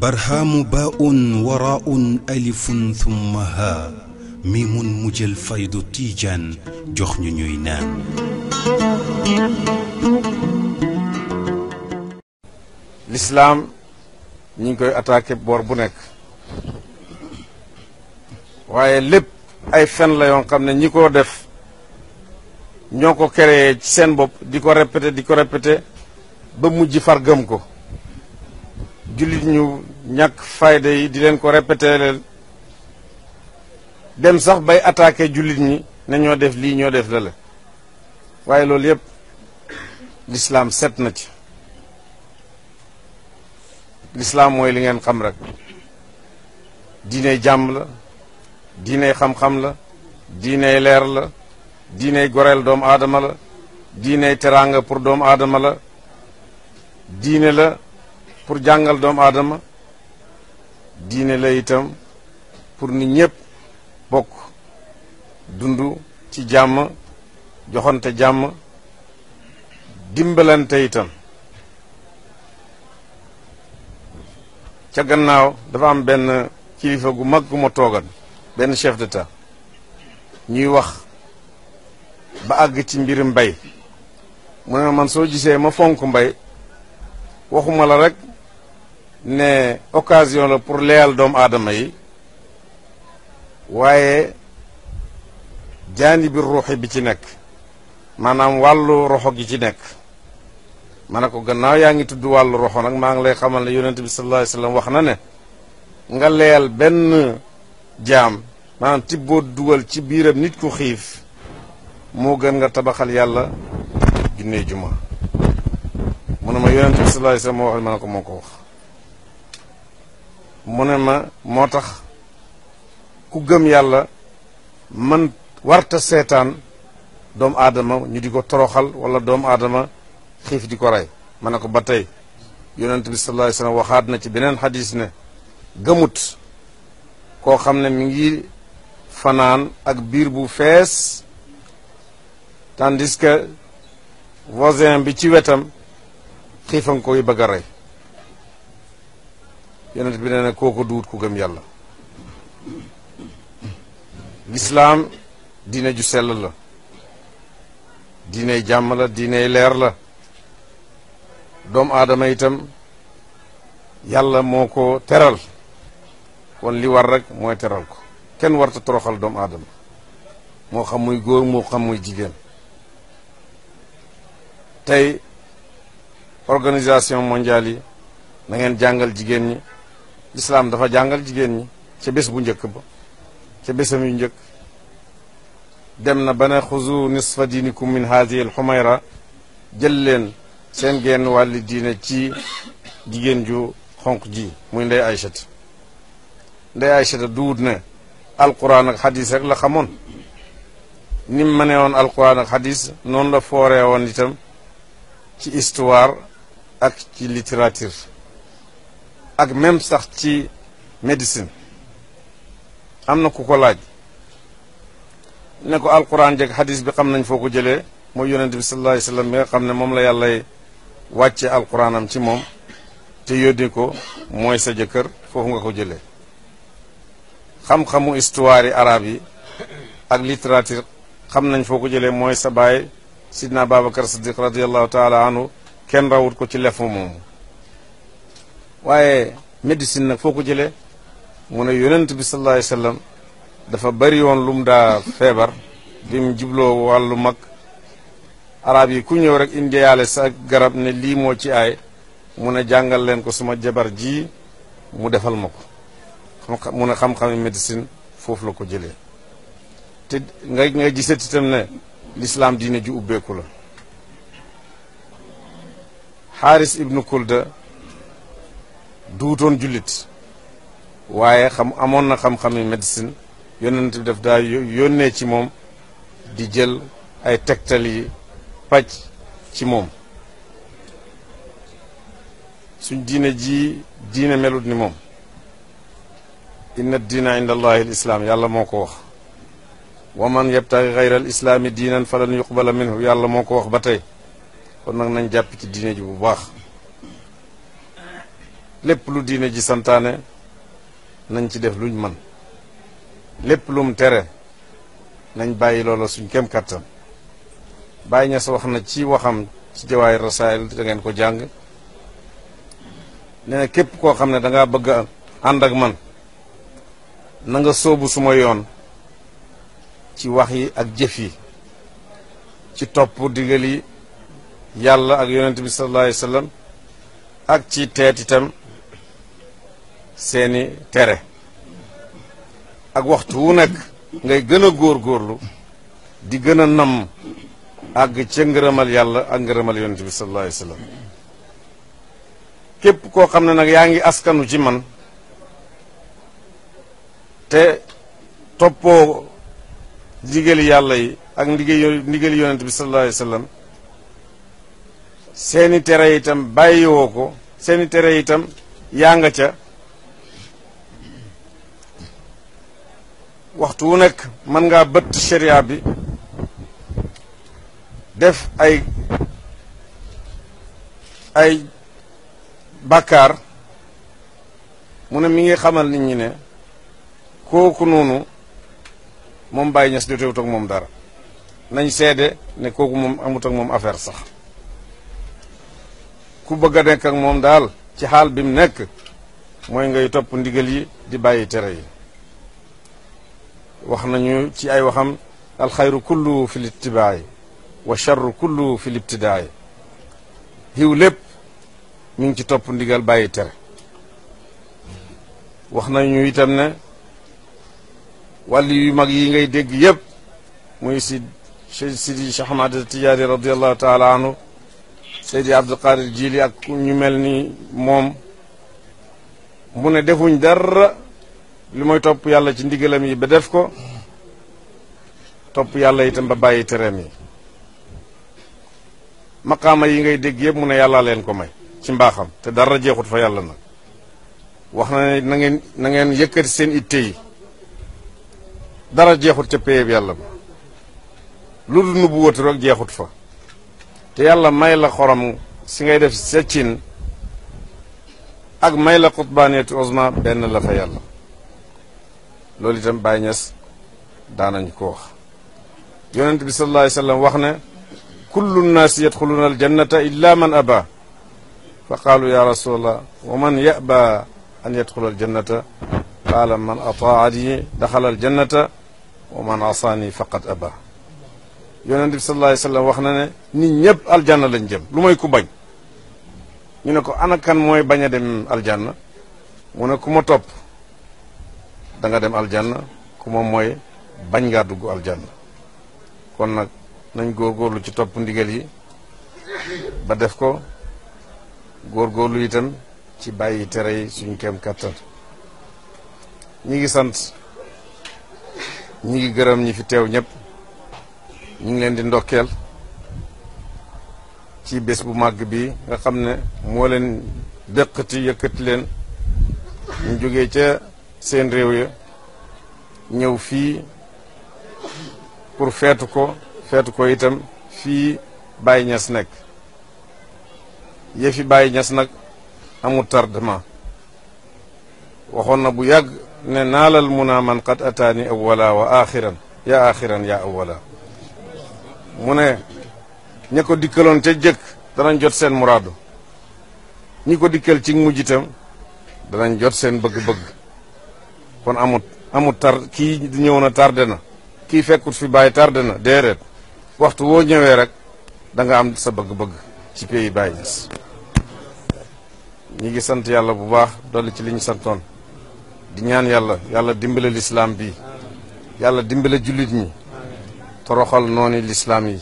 barhaamu baa'un waraa'un alifun thumma haa miimun mu jël faydu tiijaan jox ñu ñuy naan. lislaam ñi ngi koy attaqué boor bu nekk waaye lépp ay fen la yoo xam ne ñi ko def. ñoo ko créé ci seen bopp di ko répété di ko répété ba mujj far gëm ko jullit ñu ñàkk fayda yi di leen ko répété leen dem sax bay attaqué jullit ñi ne ñoo def lii ñoo def la waaye loolu yépp lislaam set na ci lislaam mooy li ngeen xam rek diiney jàmm la diiney xam-xam la diiney leer la diiney goreel doomu aadama la diiney teraanga pour doomu aadama la diine la pour jàngal doomu adama diine la itam pour nit ñëpp bokk dund ci jàmm joxante jàmm dimbalante itam ca gannaaw dafa am benn kilifa gu mag gu ma benn chef d'état ñuy wax ba àgg ci mbirum mbay mu ne man soo gisee ma fonk mbay waxuma la rek ne occasion la pour leyal doomu aadama yi waaye jaani bi ruuxi bi ci nekk maanaam wàllu roxo gi ci nekk ma ne ko gannaaw yaa ngi tudd wàllu roxo nag maa ngi lay xamal ne yonent wax na ne nga leyal benn jaam maanaam tibboo dugal ci biiram nit ku xiif moo gën nga tabaxal yàlla junnee juma mu ne ma yonente bi sallallahu alayhi moo wax ma ne ko moo ko wax mu ne ma moo tax ku gëm yàlla man warta seetaan doomu aadama ñu di ko toroxal wala doomu aadama xiif di ko rey ma ne ko ba tey yonente bi sallallahu alayhi waxaat na ci beneen xadis ne gëmut koo xam ne mi ngi fanaan ak biir bu fees tandis que voisin bi ci wetam xiifan koy bëgg a rey bi nee na kooku duut ku gëm yàlla lislaam diina ju sell la diiney jàmm la diiney leer la doomu aadama itam yàlla moo ko teral kon li war rek mooy teral ko kenn warta toroxal doomu aadama moo xam muy góor moo xam muy jigéen tey organisation mondiale yi na ngeen jàngal jigéen ñi lislaam dafa jàngal jigéen ñi ca bés bu njëkk ba ca bésam yu njëkk dem na ba ne xuzu nisfa diinikum min haadihi al xumayra jël leen seen genn wàlli diine ci jigéen ju xonq ji muy ndey Aysata ndey Aysata duut ne alquran ak xadis rek la xamoon nim ma ne woon alquran ak xadis noonu la foore woon itam ci histoire ak ci littérature ak même sax ci médecine am na ku ko laaj ne ko alquran jeg hadis bi xam nañ foo ko jëlee mooy yonent bi sallallahu alayhi wasallam bi nga xam ne moom la yàllay wàcce alquranam ci moom te yónni ko mooy sa jëkkër foofu nga ko jëlee xam-xamu histoire yi arab yi ak littérature xam nañ foo ko jëlee mooy sa baay sidna babacar siddiq radiallahu taala anhu kenn rawut ko ci lefu moom waaye médecine nag foo ko jëlee mu ne yonent bi sallallahu alayhi dafa bari woon lum daa feebar bi mu jubloo wàllu mag arab yi ku ñëw rek indiyaale sa garab ne lii moo ci ay mun a jàngal leen ko suma jabar ji mu defal ma ko mu ne xam-xami médecine foofu la ko jëlee te nga nga gisati tam ne lislaam diine ji ubbeeku la xaaris ibnu kulda duutoon jullit waaye xam amoon na xam-xami médecine yonent bi daf daa yónnee ci moom di jël ay tegtal yi paj ci moom suñ diine ji diine melut ni moom inna diina inda al islaam yàlla moo ko wax wa man yabtaxi xayra al islaami diinan falan yuqbala minhu yàlla moo ko wax ba tey kon nag nañ jàpp ci diine ji bu baax lépp lu diine ji santaane nañ ci def luñ man lépp lum tere nañ bàyyi loola suñ kem kàttan bàyyi ña sa wax na ci waxam ci jawaay rasaayil da ngeen ko jàng nee na képp koo xam ne dangaa bëgg a ànd ak man na nga sóobu suma yoon ci wax yi ak jëf yi ci topp digal yi yàlla ak yonent bi sallallahu alayhi ak ci teet itam seeni tere ak waxtu wu nekk ngay gën a góorlu di gën a namm àgg ca ngërëmal yàlla ak ngërëmal yonent bi sallallahu alayhi wa sallam képp koo xam ne nag yaa ngi askanu ci man te toppoo ndigali yàlla yi ak ndigal ndigali yonent bi sallallahu alayhi wa sallam seeni tere itam bàyyiwoo ko seeni tere itam yaa nga ca waxtu wu nekk mën ngaa bëtt sharia bi def ay ay bàkkaar mu ne mi ngi xamal ni ñi ne kooku noonu moom Baye Niass jotewut ak moom dara nañ seede ne kooku moom amut moom affaire sax ku bëgg a nekk ak moom daal ci xaal bi mu nekk mooy ngay topp ndigal yi di bàyyi tere yi wax nañu ci ay waxam alxayru kullu fi littibaay wa charru kullu fi libtidaay xiw lépp mi ngi ci topp ndigal bàyyi tere wax nañu itam ne wàlli yu mag yi ngay dégg yëpp muy si sidi Cheikh Ahmad Tijaani radiallahu taala anhu seydi Abdul Qadir Jili ak ñu mel ni moom mu ne defuñ darra li mooy topp yàlla ci ndigalam yi ba def ko topp yàlla itam ba bàyyi tereem yi maqaama yi ngay dégg yëpp mu ne yàlla leen ko may ci mbaaxam te dara jeexut fa yàlla nag wax na ne na ngeen na seen itte dara jeexut ci peeb yàlla ba lu dul nubbu watu rek jeexut fa te yàlla may la xorom si ngay def sa ak may la xutbaaniyatu uzma ben la fa yàlla loolu itam Baay Ñas daanañ ko wax yonent bi sallallahu alayhi wasallam wax ne kullu nnaasi yadxuluuna aljannata illa man aba fa qaalu ya rasulallah wa man yaba an yadxula aljannata qaala man ataani daxala wa man asaani faqad aba yonent bi sallallahu alayhi wax na ne nit ñëpp aljana lañ jëm lu may ku bañ ñu ne ko ana mooy bañ a dem aljana mu ne ku ma topp danga dem aljanna ku ma mooy bañ ngaa dugg aljanna kon nag nañ lu ci topp ndigal yi ba def ko góorgóorlu itam ci bàyyi tere yi suñ kem kattan ñi ngi sant ñi ngi gërëm ñi fi teew ñëpp ñu ngi leen di ndokkeel ci bés bu màgg bi nga xam ne moo leen dëqati yëkkati leen ñu jóge ca seen réew ya ñëw fii pour feetu ko feetu ko itam fii Baye Niass nekk yëfi Baye Niass nag amul tardement waxoon na bu yàgg ne nalal muna man qad atani awwala wa akhiran ya akhiran ya awwala mu ne ña ko dikkaloon Murado. jëkk danañ jot sen muraadu ñi ko ci jot sen bëgg-bëgg kon amut amut tar ki ñëw tar tardé na fekkut fi baye tardé na deret. waxtu wo ñewé rek da nga am sa bëgg-bëgg ci pays baye ñi gi sant yalla bu baax doli ci liñu santone di ñaan yàlla yàlla dimbale lislaam bi yàlla dimbale julit ñi toroxal noonu lislaam yi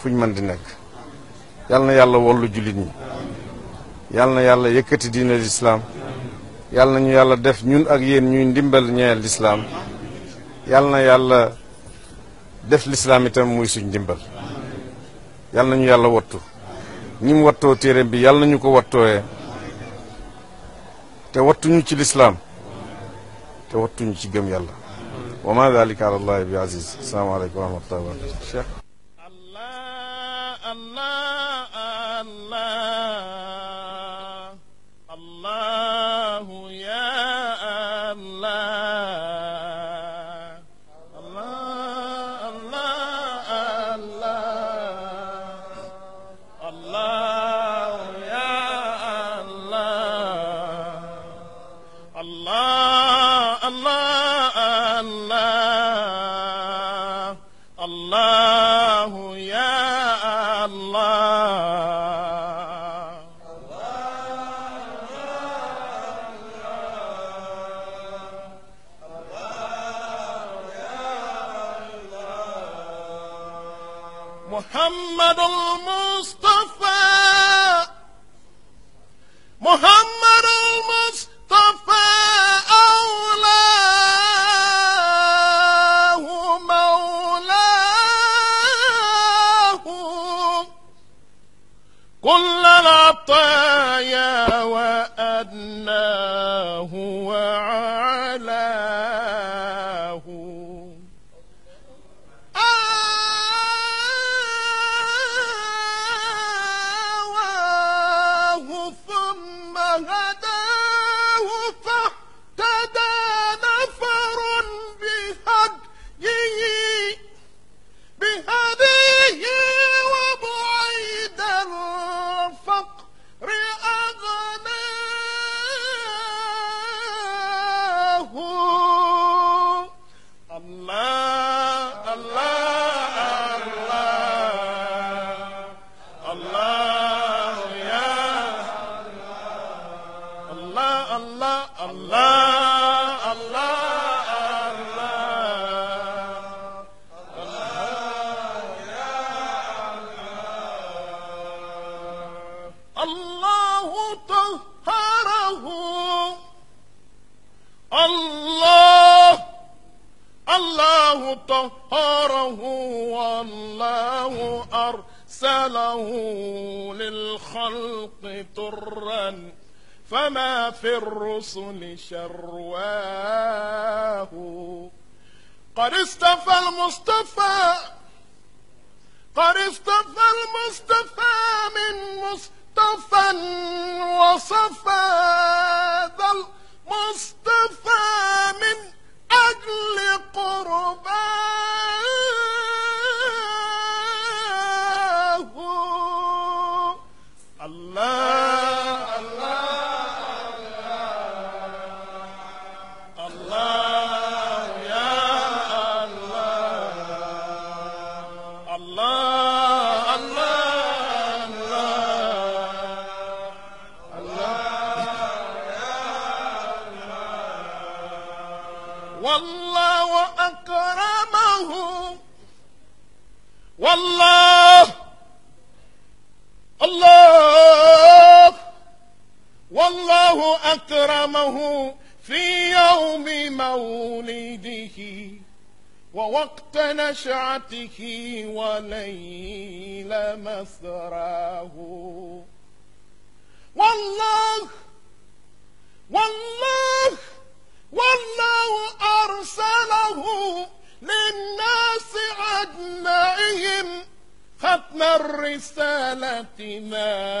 fuñ mën di nekk yàlla na yàlla wollu julit ñi yàlla na yàlla yëkkati diine lislaam yàlla na ñu yàlla def ñun ak yéen ñuy ndimbal ñeel lislaam yàlla na yàlla def lislaam muy suñ dimbal yàlla nañu yàlla wattu ñi mu wattoo téeréem bi yàlla ñu ko wattooyee te wattuñu ci lislaam te wattuñu ci gëm yàlla wa ma dalika ala allahi bi aziz asalaamaaleykum wa rahmatullahi wa barakatu محمد المصطفى محمد المصطفى أولاه مولاه كل العطايا وأدناه وعلاه في الرسل شرواه قد اصطفى المصطفى قد اصطفى المصطفى من مصطفى وصفى ذا المصطفى من أجل قربان والله أكرمه في يوم مولده ووقت نشعته وليل مسراه والله والله والله أرسله للناس أجمعهم ختم الرسالة ما